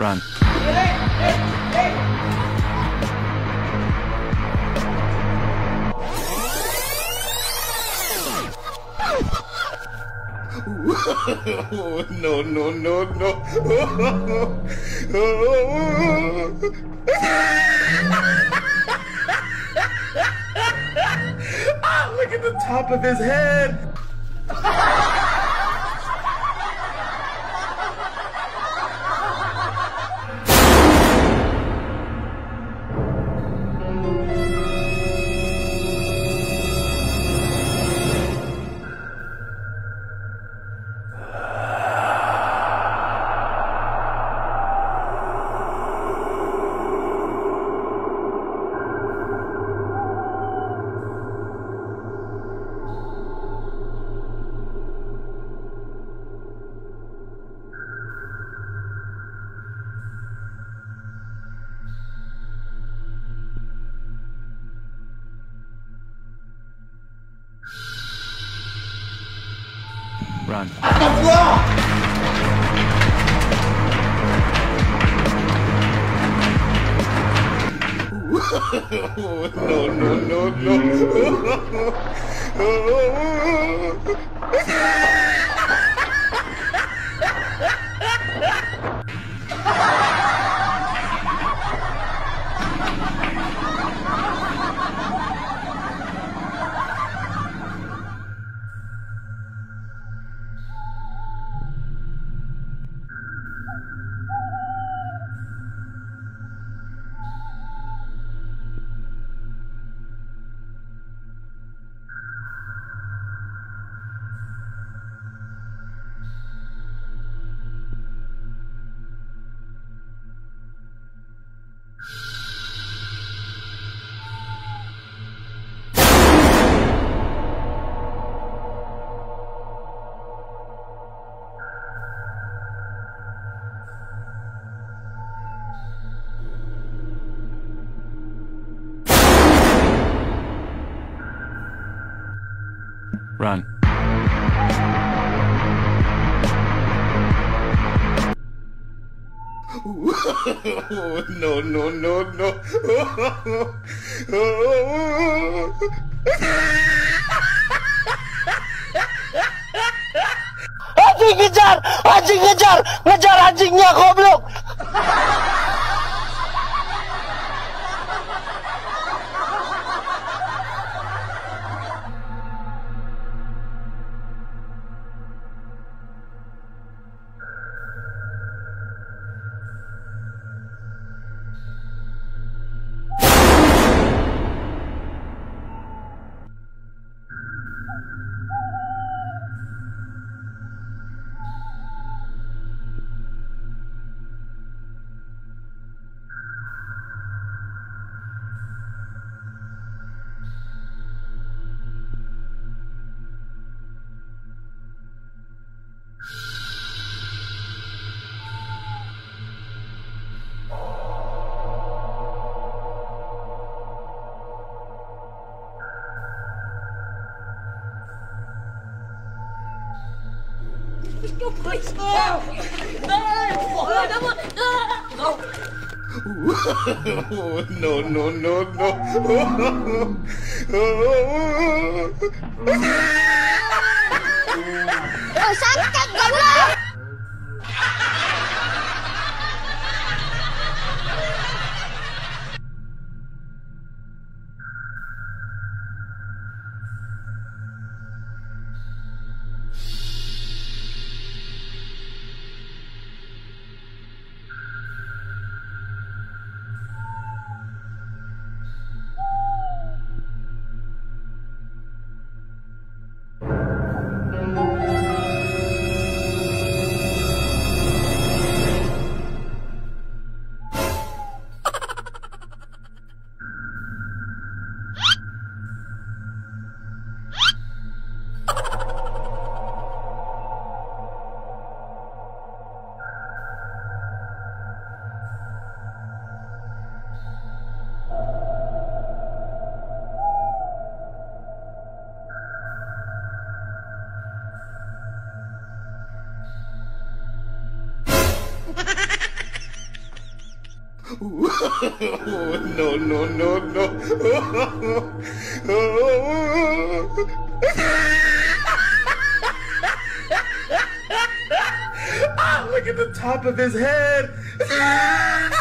Run. oh, no, no, no, no. Oh, oh, oh, look at the top of his head. Run. That's wrong! no, no, no, no. Run. no, no, no, no. anjing ngejar, anjing ngejar, ngejar anjingnya goblok. Não no no no Não, não, não, não! Thank you. no, no, no, no. ah, look at the top of his head.